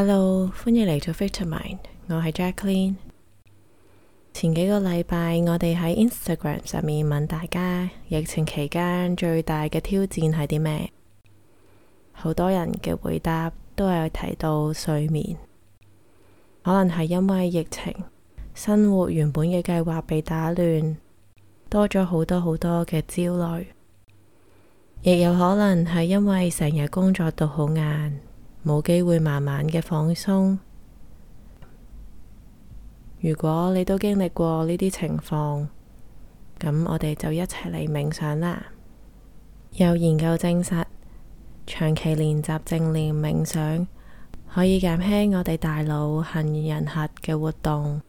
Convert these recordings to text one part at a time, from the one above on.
Hello，歡迎嚟到 Vitamind，我係 Jaclyn。前幾個禮拜，我哋喺 Instagram 上面問大家，疫情期間最大嘅挑戰係啲咩？好多人嘅回答都有提到睡眠，可能係因為疫情生活原本嘅計劃被打亂，多咗好多好多嘅焦慮，亦有可能係因為成日工作到好晏。冇機會慢慢嘅放鬆。如果你都經歷過呢啲情況，咁我哋就一齊嚟冥想啦。有研究證實，長期練習正念冥想可以減輕我哋大腦杏仁核嘅活動，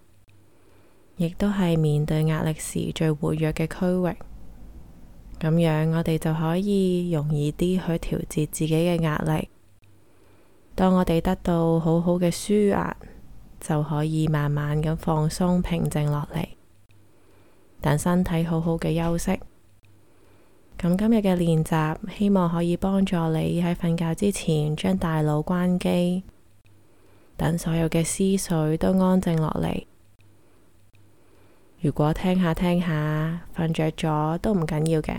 亦都係面對壓力時最活躍嘅區域。咁樣我哋就可以容易啲去調節自己嘅壓力。當我哋得到好好嘅舒壓，就可以慢慢咁放鬆、平靜落嚟，等身體好好嘅休息。咁今日嘅練習，希望可以幫助你喺瞓覺之前將大腦關機，等所有嘅思緒都安靜落嚟。如果聽下聽下，瞓着咗都唔緊要嘅，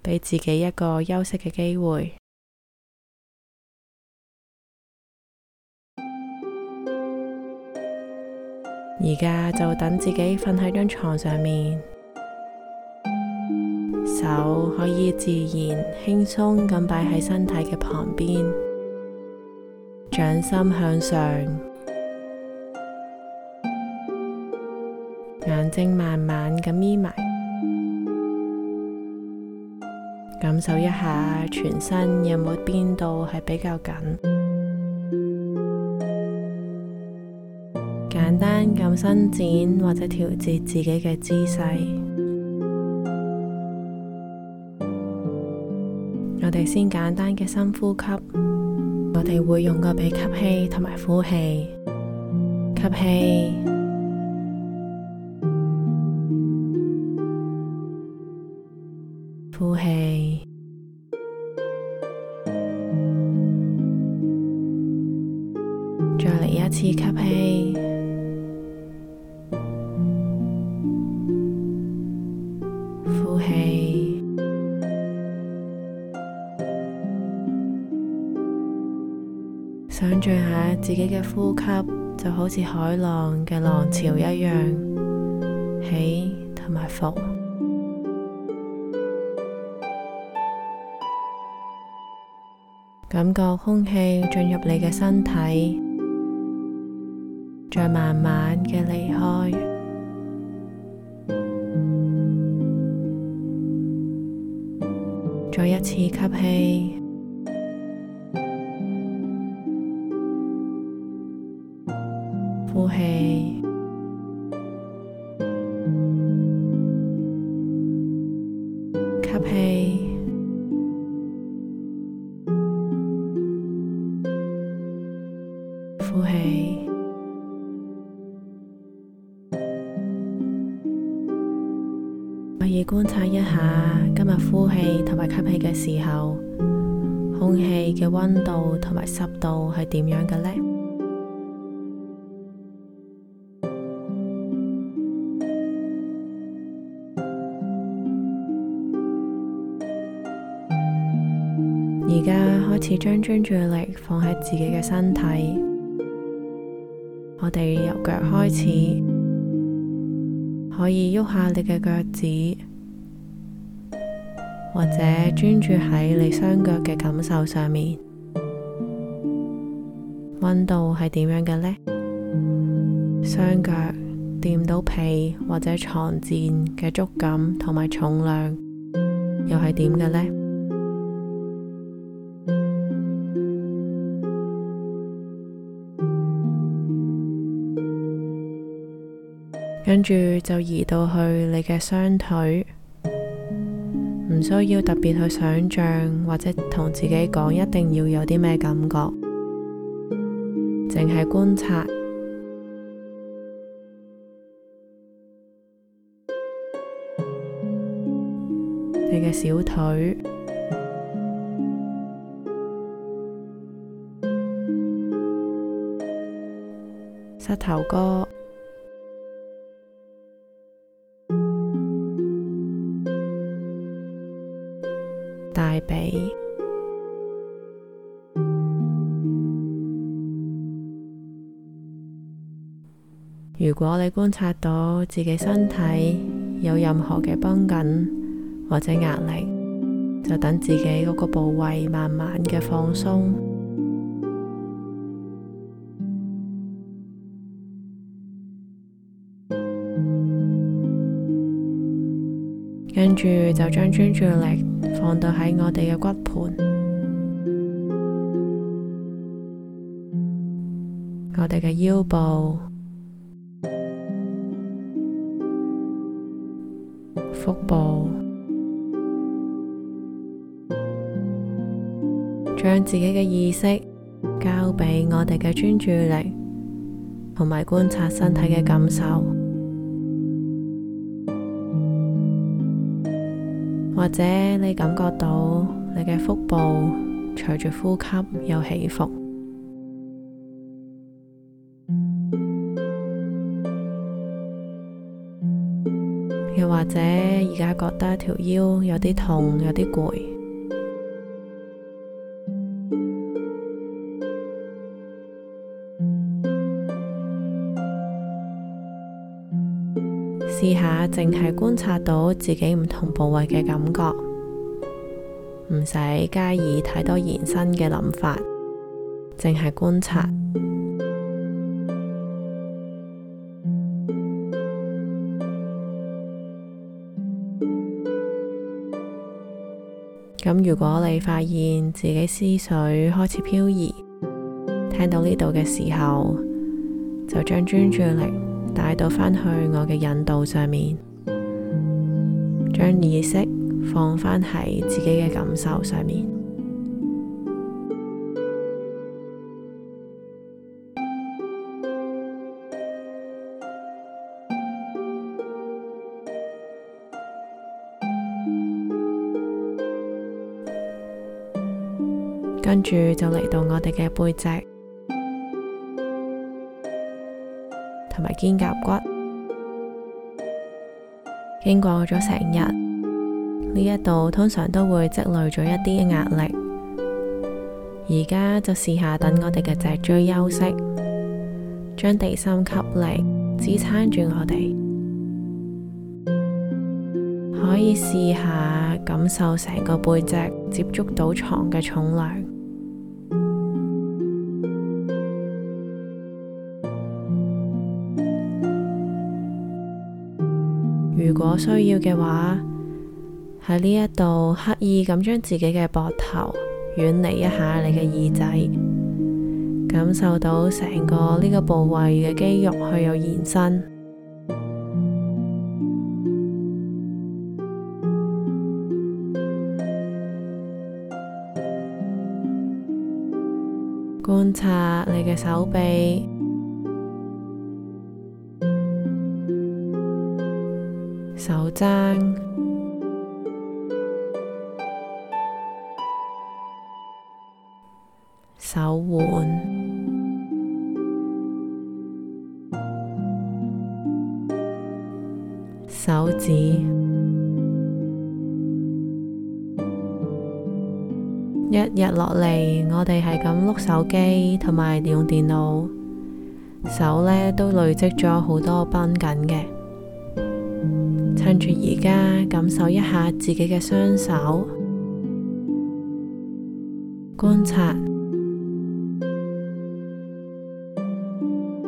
俾自己一個休息嘅機會。而家就等自己瞓喺張床上面，手可以自然輕鬆咁擺喺身體嘅旁邊，掌心向上，眼睛慢慢咁眯埋，感受一下全身有冇邊度係比較緊。簡單咁伸展或者調節自己嘅姿勢，我哋先簡單嘅深呼吸，我哋會用個鼻吸氣同埋呼氣，吸氣，呼氣，再嚟一次吸氣。自己嘅呼吸就好似海浪嘅浪潮一樣，起同埋伏，感覺空氣進入你嘅身體，再慢慢嘅離開，再一次吸氣。吸氣，吸氣，呼氣。可以觀察一下今日呼氣同埋吸氣嘅時候，空氣嘅溫度同埋濕度係點樣嘅呢？始將專注力放喺自己嘅身體，我哋由腳開始，可以喐下你嘅腳趾，或者專注喺你雙腳嘅感受上面。溫度係點樣嘅呢？雙腳掂到被或者床墊嘅觸感同埋重量又係點嘅呢？跟住就移到去你嘅雙腿，唔需要特別去想像，或者同自己講一定要有啲咩感覺，淨係觀察你嘅小腿、膝頭哥。大髀。如果你觀察到自己身體有任何嘅繃緊或者壓力，就等自己嗰個部位慢慢嘅放鬆。跟住就將專注力放到喺我哋嘅骨盆、 我哋嘅腰部、 腹部，將 自己嘅意識交俾我哋嘅專注力，同埋觀察身體嘅感受。或者你感覺到你嘅腹部隨住呼吸有起伏， 又或者而家覺得條腰有啲痛，有啲攰。淨係觀察到自己唔同部位嘅感覺，唔使加以太多延伸嘅諗法，淨係觀察。咁 如果你發現自己思緒開始漂移，聽到呢度嘅時候，就將專注力。帶到返去我嘅引導上面，將意識放返喺自己嘅感受上面，跟住就嚟到我哋嘅背脊。埋肩胛骨，經過咗成日呢一度，通常都會積累咗一啲壓力。而家就試下等我哋嘅脊椎休息，將地心吸力支撐住我哋，可以試下感受成個背脊接觸到床嘅重量。如果需要嘅話，喺呢一度刻意咁將自己嘅膊頭遠離一下你嘅耳仔，感受到成個呢個部位嘅肌肉去有延伸。觀察你嘅手臂。爭手腕手指，一日落嚟，我哋係咁碌手機同埋用電腦，手呢都累積咗好多繃緊嘅。跟住而家，感受一下自己嘅雙手，觀察，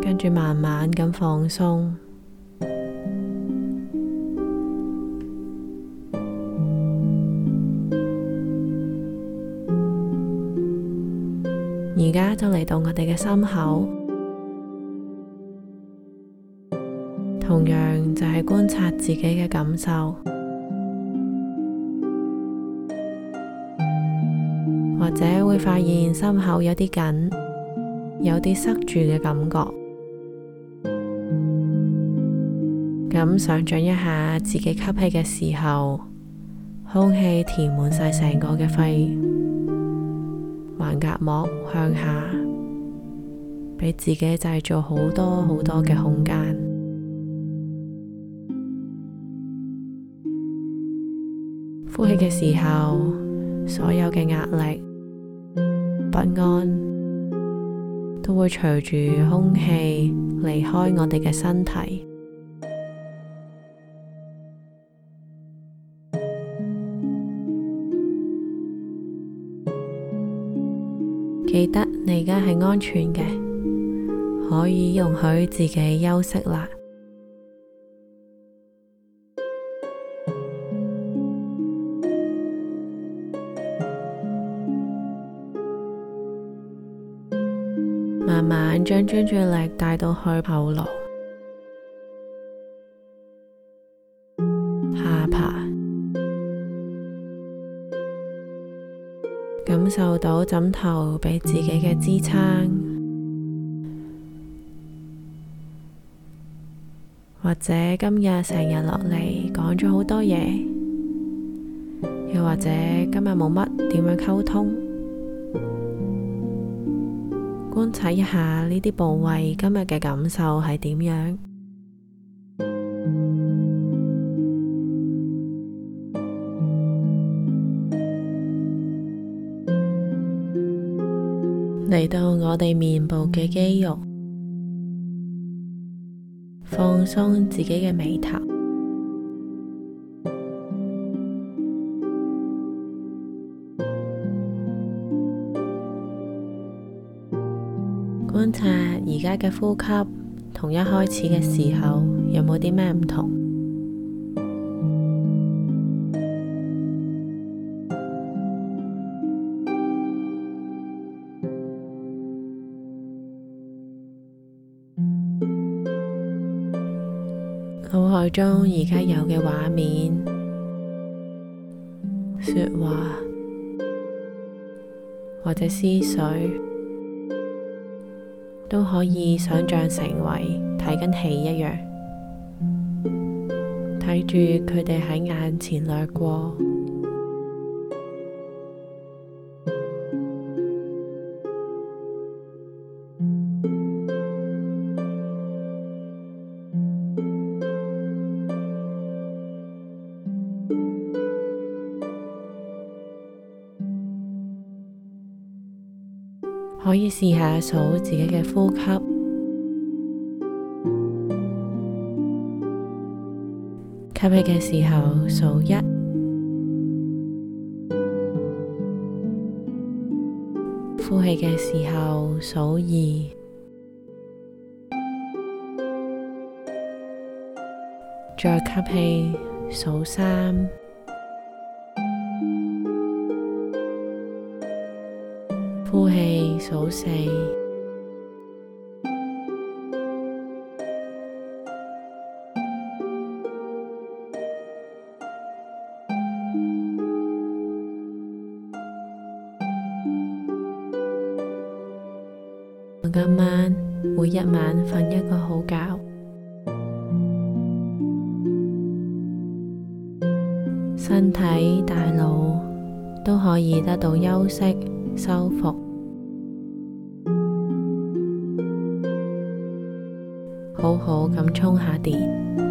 跟住慢慢咁放鬆。而家就嚟到我哋嘅心口。同樣就係觀察自己嘅感受，或者會發現心口有啲緊，有啲塞住嘅感覺。咁想象一下自己吸氣嘅時候，空氣填滿晒成個嘅肺，橫膈膜向下，畀自己製造好多好多嘅空間。呼氣嘅時候，所有嘅壓力、不安都會隨住空氣離開我哋嘅身體。記得你而家係安全嘅，可以容許自己休息啦。將專注力帶到去後腦，下巴感受到枕頭俾自己嘅支撐，或者今日成日落嚟講咗好多嘢，又或者今日冇乜點樣溝通。觀察一下呢啲部位今日嘅感受係點樣？嚟到我哋面部嘅肌肉，放鬆自己嘅眉頭。嘅呼吸同一開始嘅時候有冇啲咩唔同？腦海中而家有嘅畫面、說話或者思緒都可以想像成為睇緊戲一樣，睇住佢哋喺眼前掠過。可以試下數自己嘅呼吸，吸氣嘅時候數一，呼氣嘅時候數二，再吸氣數三。我今晚每一晚瞓一個好覺，身體、大腦都可以得到休息、修復。好咁，充下電。